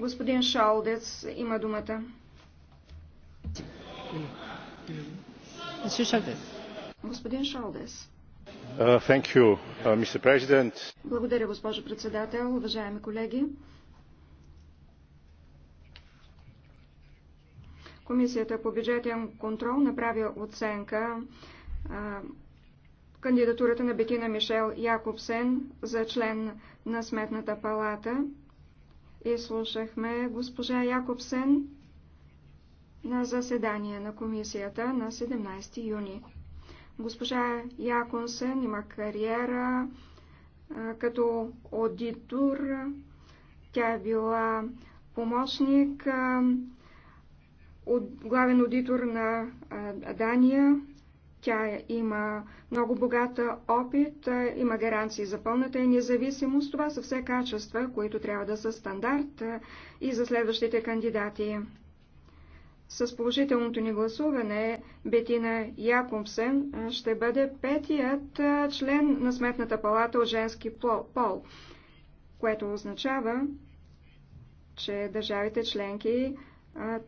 Господин Шолдец има думата. Господин Шалдес. Uh, you, uh, Благодаря, госпожо председател, уважаеми колеги. Комисията по бюджетен контрол направи оценка кандидатурата на Бетина Мишел Якобсен за член на Сметната палата и слушахме госпожа Якобсен на заседание на комисията на 17 юни. Госпожа Якобсен има кариера като аудитор. Тя е била помощник, главен аудитор на Дания, тя има много богата опит, е, има гаранции за пълната и независимост. Това са все качества, които трябва да са стандарт е, и за следващите кандидати. С положителното ни гласуване Бетина Якумсен е, ще бъде петият член на Сметната палата от женски пол, което означава, че държавите членки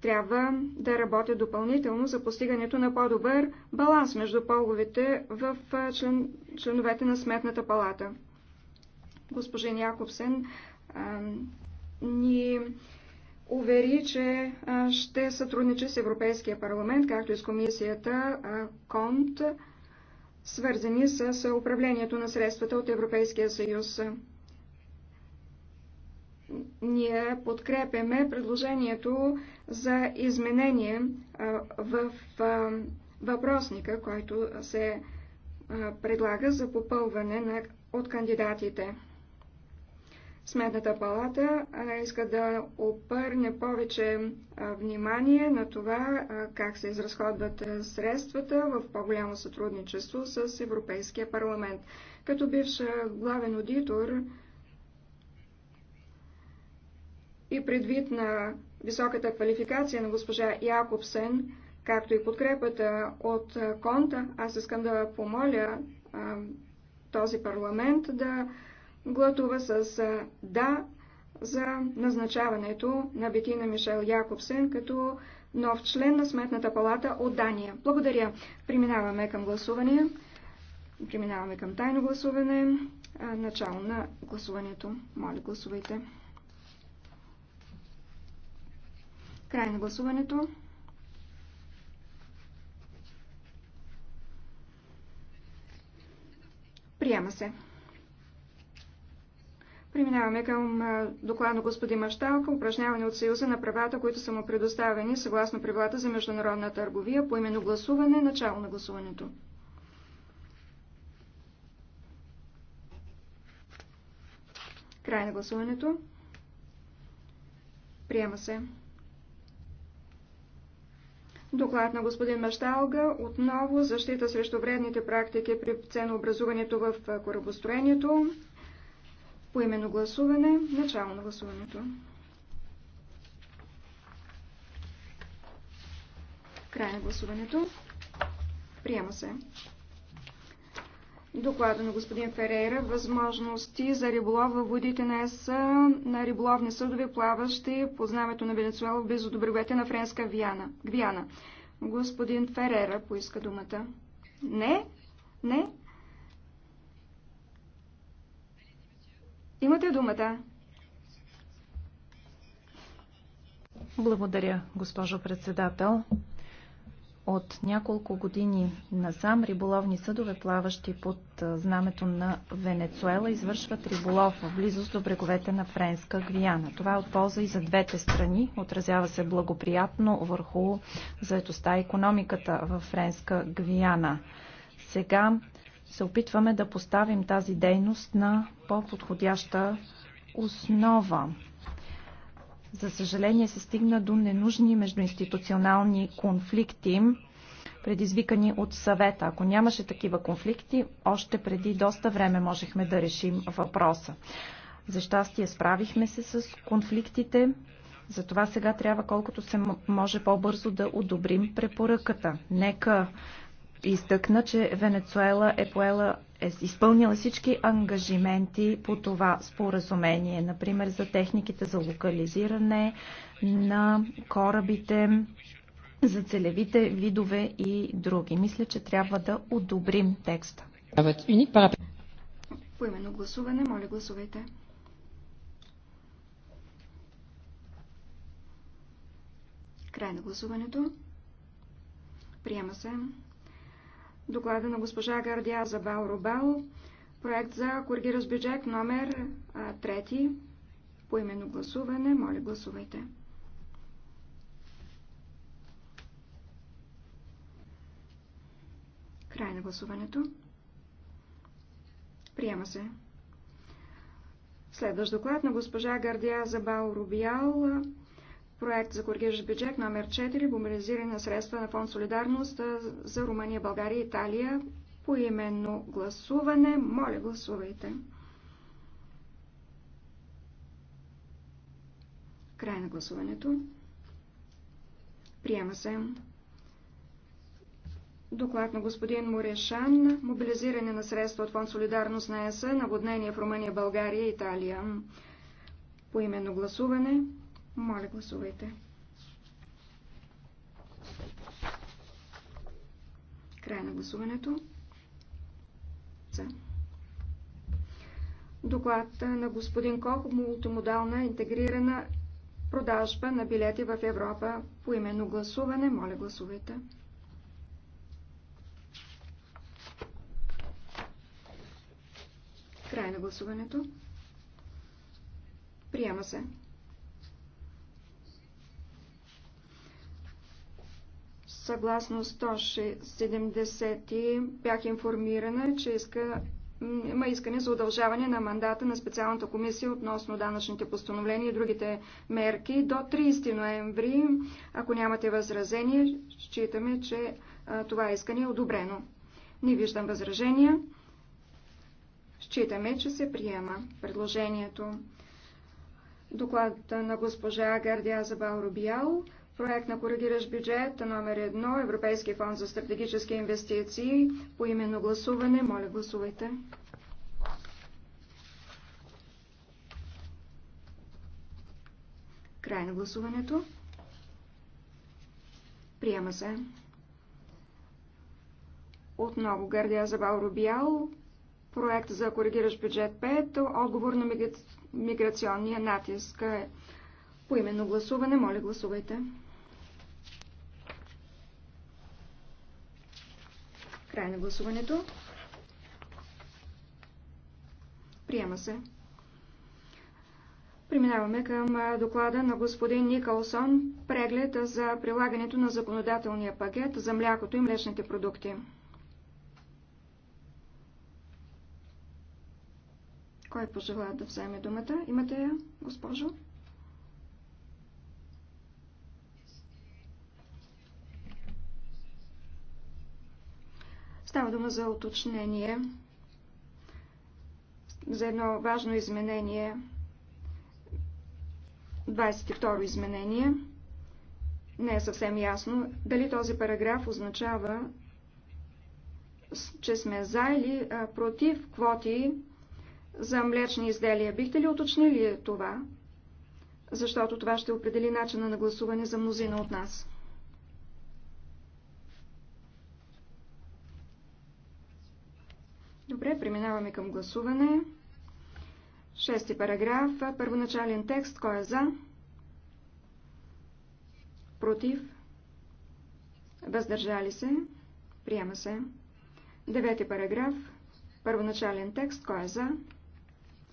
трябва да работя допълнително за постигането на по-добър баланс между половете в член, членовете на Сметната палата. Госпожин Якобсен а, ни увери, че а, ще сътрудничи с Европейския парламент, както и с комисията а, КОНТ, свързани с управлението на средствата от Европейския съюз ние подкрепяме предложението за изменение в въпросника, който се предлага за попълване на, от кандидатите. Сметната палата иска да опърне повече внимание на това как се изразходват средствата в по-голямо сътрудничество с Европейския парламент. Като бивш главен аудитор и предвид на високата квалификация на госпожа Якобсен, както и подкрепата от Конта, аз искам да помоля а, този парламент да глътува с а, да за назначаването на Бетина Мишел Якобсен като нов член на Сметната палата от Дания. Благодаря. Преминаваме към гласуване. Преминаваме към тайно гласуване. Начало на гласуването. Моля, гласувайте. Край на гласуването. Приема се. Преминаваме към доклад на господин Машталка, упражняване от Съюза на правата, които са му предоставени съгласно правилата за международна търговия, по именно гласуване, начало на гласуването. Край на гласуването. Приема се. Доклад на господин Машталга отново защита срещу вредните практики при ценообразуването в корабостроението. Поименно гласуване. Начало на гласуването. Край на гласуването. Приема се доклада на господин Ферейра възможности за риболов във водите на ЕС на риболовни съдове, плаващи по знамето на Венецуела близо до бреговете на Френска Виана. Гвиана. Господин Ферера поиска думата. Не? Не? Имате думата. Благодаря, госпожо председател. От няколко години насам риболовни съдове, плаващи под знамето на Венецуела, извършват риболов в близост до бреговете на Френска Гвиана. Това е от полза и за двете страни. Отразява се благоприятно върху заетостта и економиката в Френска Гвиана. Сега се опитваме да поставим тази дейност на по-подходяща основа. За съжаление се стигна до ненужни междуинституционални конфликти, предизвикани от съвета. Ако нямаше такива конфликти, още преди доста време можехме да решим въпроса. За щастие справихме се с конфликтите, затова сега трябва колкото се може по-бързо да одобрим препоръката. Нека изтъкна, че Венецуела е поела е изпълнила всички ангажименти по това споразумение, например за техниките за локализиране на корабите, за целевите видове и други. Мисля, че трябва да одобрим текста. По именно гласуване, моля гласувайте. Край на гласуването. Приема се доклада на госпожа Гардия Забал Рубал, проект за коригира с бюджет номер 3, именно гласуване. Моля, гласувайте. Край на гласуването. Приема се. Следващ доклад на госпожа Гардия Забал Рубиал, Проект за коригиращ бюджет номер 4, мобилизиране на средства на фонд Солидарност за Румъния, България и Италия. По именно гласуване. Моля, гласувайте. Край на гласуването. Приема се. Доклад на господин Морешан. Мобилизиране на средства от фонд Солидарност на ЕС. Наводнение в Румъния, България и Италия. По именно гласуване. Моля, гласувайте. Край на гласуването. За. Доклад на господин Кох мултимодална интегрирана продажба на билети в Европа по именно гласуване. Моля, гласувайте. Край на гласуването. Приема се. Съгласно 170 бях информирана, че иска, има искане за удължаване на мандата на специалната комисия относно данъчните постановления и другите мерки до 30 ноември. Ако нямате възражение, считаме, че това искане е одобрено. Не виждам възражения. Считаме, че се приема предложението. Доклад на госпожа Гардия Забал Проект на коригиращ бюджет номер 1, Европейски фонд за стратегически инвестиции. По именно гласуване, моля гласувайте. Край на гласуването. Приема се. Отново Гардия Забал Рубиал. Проект за коригиращ бюджет 5. Отговор на миграционния натиск. По именно гласуване, моля гласувайте. Край на гласуването. Приема се. Преминаваме към доклада на господин Никълсон, преглед за прилагането на законодателния пакет за млякото и млечните продукти. Кой пожела да вземе думата? Имате я, госпожо? Става дума за уточнение, за едно важно изменение, 22 изменение. Не е съвсем ясно дали този параграф означава, че сме за или против квоти за млечни изделия. Бихте ли уточнили това? Защото това ще определи начина на гласуване за мнозина от нас. Добре, преминаваме към гласуване. Шести параграф, първоначален текст, кой е за? Против? Въздържали се? Приема се. Девети параграф, първоначален текст, кой е за?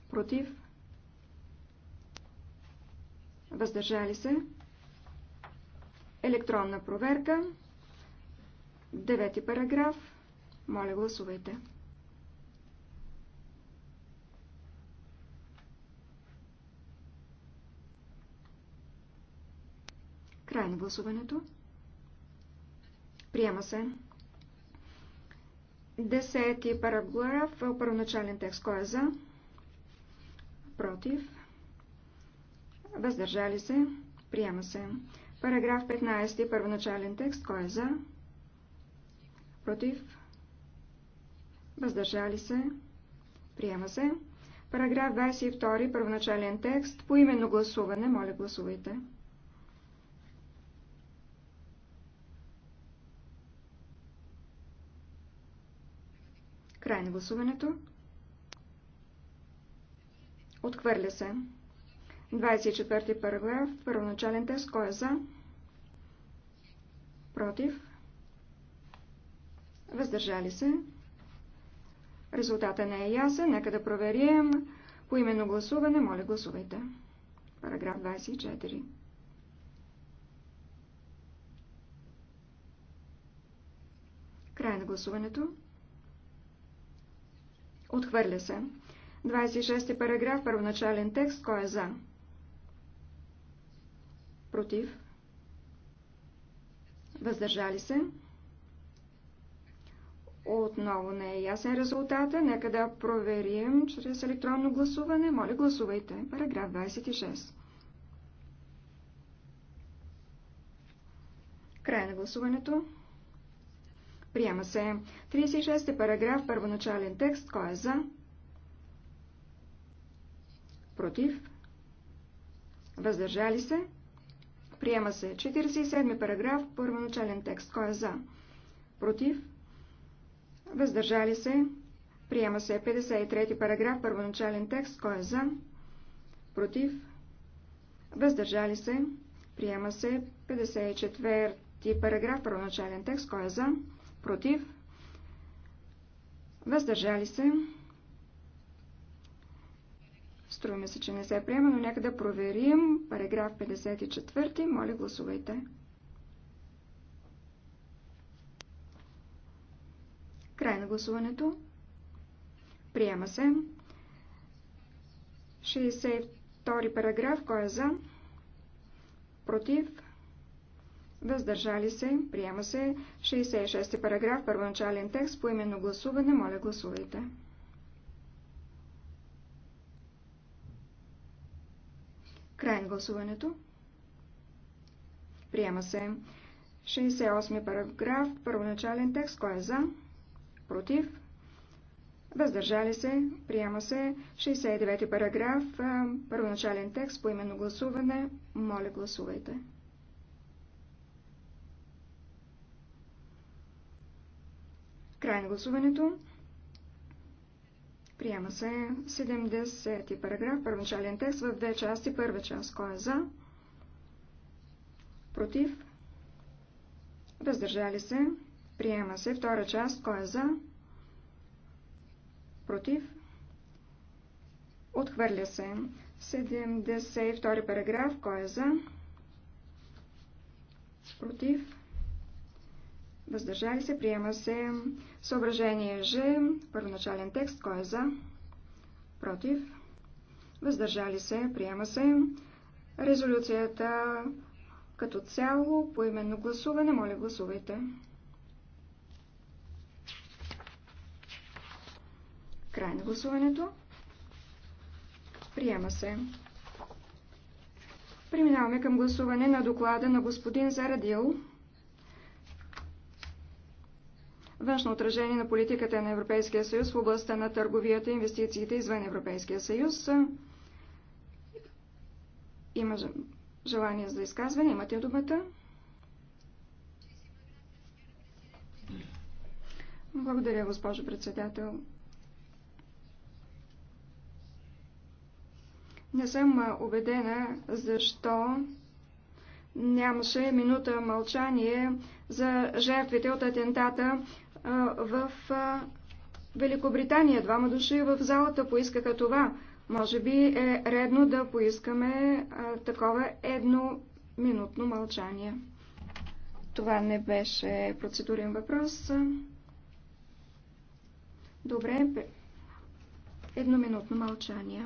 Против? Въздържали се? Електронна проверка. Девети параграф. Моля, гласувайте. Край на гласуването. Приема се. Десети параграф, първоначален текст. Кой е за? Против. Въздържали се. Приема се. Параграф 15, първоначален текст. Кой е за? Против. Въздържали се. Приема се. Параграф 22, първоначален текст. По именно гласуване. Моля, гласувайте. Край на гласуването. Отхвърля се. 24 параграф, първоначален тест, кой е за? Против? Въздържали се? Резултата не е ясен, нека да проверим. По именно гласуване, моля гласувайте. Параграф 24. Край на гласуването. Отхвърля се. 26 параграф, първоначален текст. Кой е за? Против. Въздържали се. Отново не е ясен резултата. Нека да проверим чрез електронно гласуване. Моля, гласувайте. Параграф 26. Край на гласуването. Приема се. 36 параграф, първоначален текст. Кой е за? Против? Въздържали се? Приема се. 47 параграф, първоначален текст. Кой е за? Против? Въздържали се? Приема се. 53 параграф, първоначален текст. Кой е за? Против? Въздържали се? Приема се. 54 параграф, първоначален текст. Кой е за? против, въздържали се. Струва ми се, че не се приема, но нека да проверим параграф 54. Моля, гласувайте. Край на гласуването. Приема се. 62 параграф. Кой е за? Против? въздържали се, приема се 66 параграф, първоначален текст, по именно гласуване, моля гласувайте. Край на гласуването. Приема се 68 параграф, първоначален текст, кой е за, против, въздържали се, приема се 69 параграф, първоначален текст, по именно гласуване, моля гласувайте. Край на гласуването. Приема се 70 параграф, първоначален текст в две части. Първа част, кой е за? Против? Въздържали се. Приема се втора част, кой е за? Против? Отхвърля се. 72 параграф, кой е за? Против? Въздържали се. Приема се съображение Ж. Първоначален текст. Кой е за? Против. Въздържали се. Приема се. Резолюцията като цяло по именно гласуване. Моля, гласувайте. Край на гласуването. Приема се. Преминаваме към гласуване на доклада на господин Зарадил. външно отражение на политиката на Европейския съюз в областта на търговията и инвестициите извън Европейския съюз. Има желание за изказване. Имате думата. Благодаря, госпожо председател. Не съм убедена защо нямаше минута мълчание за жертвите от атентата в Великобритания. Двама души в залата поискаха това. Може би е редно да поискаме такова едноминутно мълчание. Това не беше процедурен въпрос. Добре, едноминутно мълчание.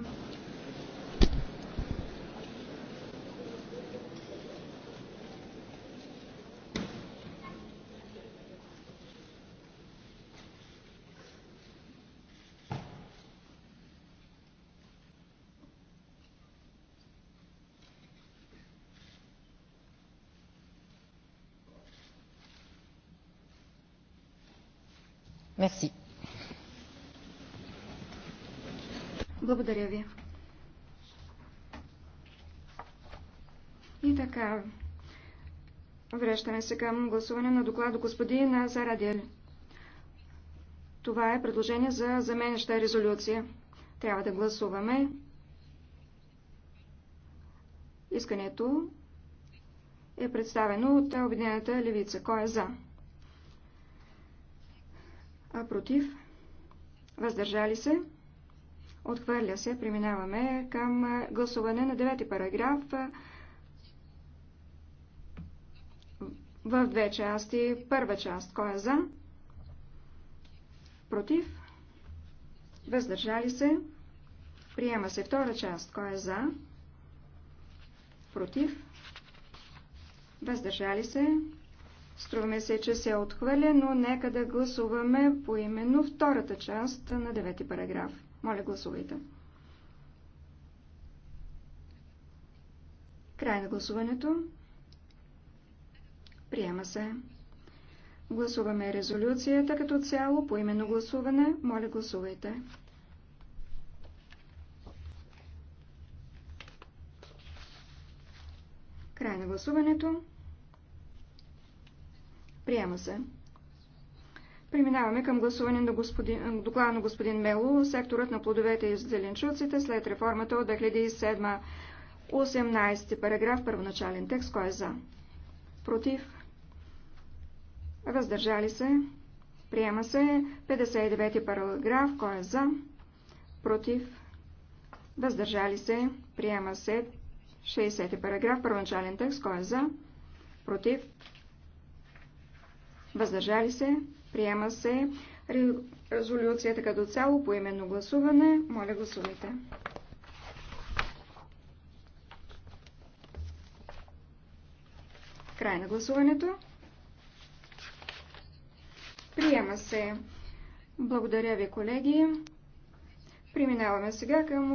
Мерси. Благодаря ви. И така, връщаме се към гласуване на доклада господин Зарадиел. Това е предложение за заменяща резолюция. Трябва да гласуваме Искането е представено от Обединената левица. Кой е за? а против, въздържали се, отхвърля се. Преминаваме към гласуване на девети параграф в две части. Първа част, кой е за? Против, въздържали се, приема се втора част, кой е за? Против, въздържали се, Струваме се, че се е отхвърля, но нека да гласуваме по именно втората част на девети параграф. Моля, гласувайте. Край на гласуването. Приема се. Гласуваме резолюцията като цяло по именно гласуване. Моля, гласувайте. Край на гласуването. Приема се. Преминаваме към гласуване на господин, доклада на господин Мело, секторът на плодовете и зеленчуците след реформата от 2007. 18 параграф, първоначален текст, кой е за? Против? Въздържали се? Приема се 59 параграф, кой е за? Против? Въздържали се? Приема се 60 параграф, първоначален текст, кой е за? Против? въздържали се, приема се резолюцията като цяло по именно гласуване. Моля гласувайте. Край на гласуването. Приема се. Благодаря ви, колеги. Преминаваме сега към